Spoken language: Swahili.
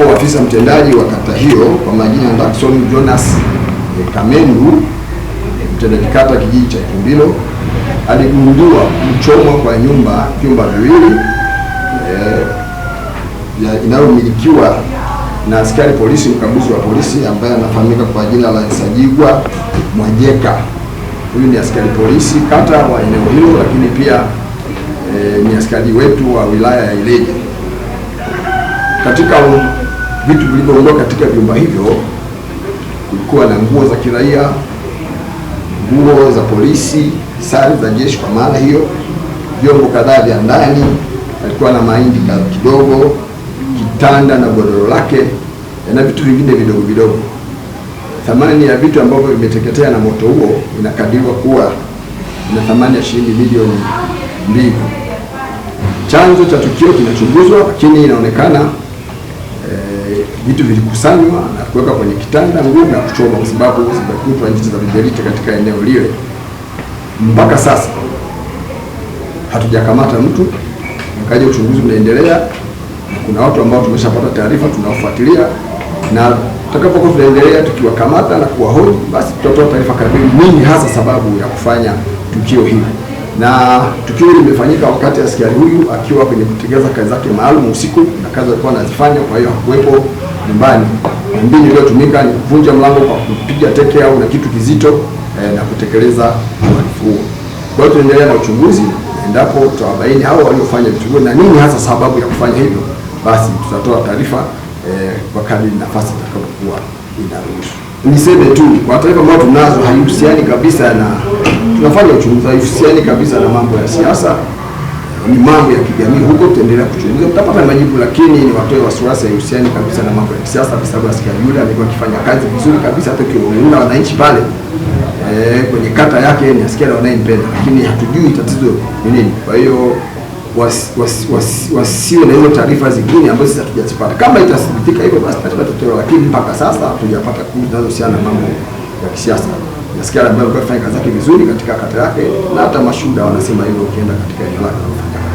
ambapo afisa mtendaji wa kata hiyo kwa majina Jackson Jonas e, Kamendu e, mtendaji kata kijiji cha Ikumbilo aligundua mchomo kwa nyumba vyumba viwili eh, inayomilikiwa na askari polisi mkaguzi wa polisi ambaye anafahamika kwa jina la Sajigwa Mwajeka. Huyu ni askari polisi kata wa eneo hilo, lakini pia e, ni askari wetu wa wilaya ya Ileje katika vitu vilivyoundwa katika vyumba hivyo, kulikuwa na nguo za kiraia, nguo za polisi, sare za jeshi kwa maana hiyo, vyombo kadhaa vya ndani, alikuwa na mahindi kidogo, kitanda na godoro lake na vitu vingine vidogo vidogo. Thamani ya vitu ambavyo vimeteketea na moto huo inakadiriwa kuwa na thamani ya shilingi milioni mbili. Chanzo cha tukio kinachunguzwa, lakini inaonekana vitu vilikusanywa na kuweka kwenye kitanda nguo na kuchoma, kwa sababu zimekutwa nchi za mijariti katika eneo lile. Mpaka sasa hatujakamata mtu, akaja uchunguzi unaendelea, na kuna watu ambao tumeshapata taarifa, tunawafuatilia na tutakapokuwa tunaendelea tukiwakamata na kuwahoji, basi tutatoa taarifa kamili, nini hasa sababu ya kufanya tukio hili na tukio limefanyika wakati askari huyu akiwa kwenye kutekeleza kazi zake maalum usiku, na kazi alikuwa anazifanya, kwa hiyo hakuwepo nyumbani. Mbinu iliyotumika ni kuvunja mlango kwa kupiga teke au na kitu kizito eh, na kutekeleza uhalifu huo. Kwa hiyo tunaendelea na uchunguzi, endapo tutawabaini hao waliofanya vitu hivyo na nini hasa sababu ya kufanya hivyo, basi tutatoa taarifa eh, kwa kadri nafasi itakapokuwa inaruhusu. Niseme tu kwa taarifa ambayo tunazo haihusiani kabisa na tunafanya uchunguzi, haihusiani kabisa na mambo ya siasa, ni mambo ya kijamii. Huko tutaendelea kuchunguza, tutapata majibu, lakini ni watoe wasiwasi, haihusiani kabisa na mambo ya kisiasa, kwa sababu nasikia yule amekuwa akifanya kazi vizuri kabisa, hata kiongozi na wananchi pale eh, kwenye kata yake nasikia na wanayempenda, lakini hatujui tatizo ni nini. Kwa hiyo wasiwe was, was, was, na hizo taarifa zingine ambazo sisi hatujazipata. Kama itathibitika hivyo, basi tutatoa, lakini mpaka sasa hatujapata kuu zinazohusiana na mambo ya kisiasa nasikia alikuwa akifanya kazi yake vizuri katika kata yake, na hata mashuhuda wanasema hivyo, ukienda katika eneo lake anafanya